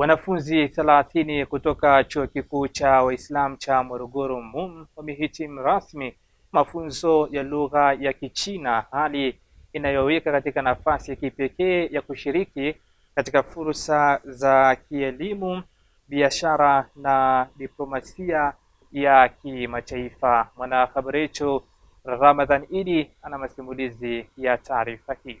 Wanafunzi thelathini kutoka Chuo Kikuu cha Waislamu cha Morogoro MUM wamehitimu rasmi mafunzo ya lugha ya Kichina, hali inayoweka katika nafasi ya kipekee ya kushiriki katika fursa za kielimu, biashara na diplomasia ya kimataifa. Mwanahabari wetu Ramadhan Idi ana masimulizi ya taarifa hii.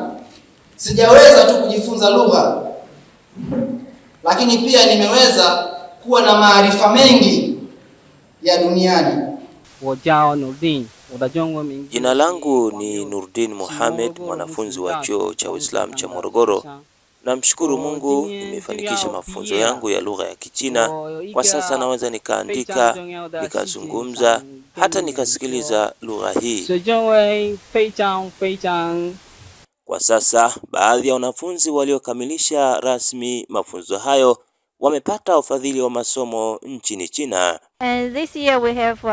sijaweza tu kujifunza lugha, lakini pia nimeweza kuwa na maarifa mengi ya duniani. Jina langu ni Nurdin Mohamed, mwanafunzi wa chuo cha Uislamu cha Morogoro. Namshukuru Mungu nimefanikisha mafunzo yangu ya lugha ya Kichina. Kwa sasa naweza nikaandika, nikazungumza, hata nikasikiliza lugha hii. Kwa sasa baadhi ya wanafunzi waliokamilisha rasmi mafunzo hayo wamepata ufadhili wa masomo nchini China. Uh,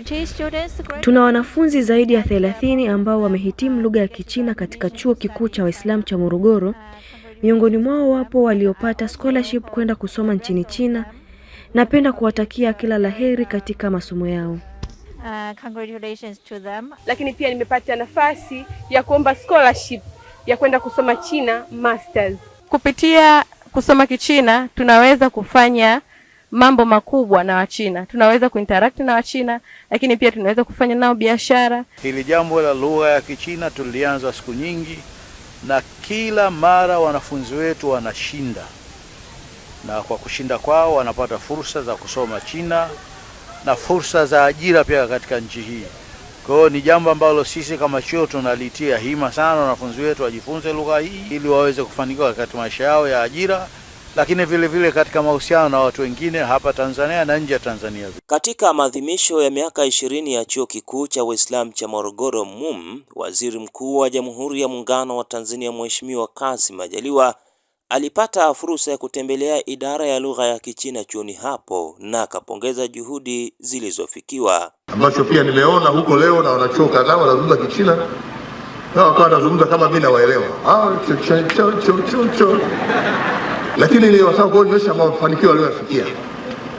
uh, Tuna wanafunzi zaidi ya 30 ambao wamehitimu lugha ya Kichina katika Chuo Kikuu cha Waislamu cha Morogoro. Miongoni mwao wapo waliopata scholarship kwenda kusoma nchini China. Napenda kuwatakia kila laheri katika masomo yao. Uh, congratulations to them. Lakini pia nimepata nafasi ya kuomba scholarship ya kwenda kusoma China masters. Kupitia kusoma Kichina tunaweza kufanya mambo makubwa na Wachina, tunaweza kuinteract na Wachina, lakini pia tunaweza kufanya nao biashara. Hili jambo la lugha ya Kichina tulianza siku nyingi, na kila mara wanafunzi wetu wanashinda, na kwa kushinda kwao wanapata fursa za kusoma China na fursa za ajira pia katika nchi hii. Kwa hiyo ni jambo ambalo sisi kama chuo tunalitia hima sana, wanafunzi wetu wajifunze lugha hii ili waweze kufanikiwa katika maisha yao ya ajira, lakini vile vile katika mahusiano na watu wengine hapa Tanzania na nje ya Tanzania. Katika maadhimisho ya miaka ishirini ya Chuo Kikuu cha Waislamu cha Morogoro MUM, Waziri Mkuu wa Jamhuri ya Muungano wa Tanzania Mheshimiwa Kassim Majaliwa Alipata fursa ya kutembelea idara ya lugha ya Kichina chuoni hapo na akapongeza juhudi zilizofikiwa, ambacho pia nimeona huko leo na wanachuo nao, wanazungumza Kichina na wakawa wanazungumza kama mimi nawaelewa, ah, lakini kuonyesha mafanikio aliyoyafikia.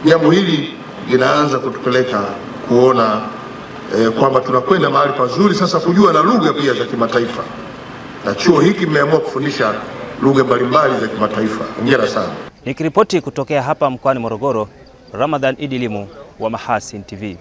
Jambo hili linaanza kutupeleka kuona eh, kwamba tunakwenda mahali pazuri sasa, kujua na lugha pia za kimataifa, na chuo hiki mmeamua kufundisha lugha mbalimbali za kimataifa. Hongera sana. Nikiripoti kutokea hapa mkoani Morogoro, Ramadhan Idilimu wa Mahasin TV.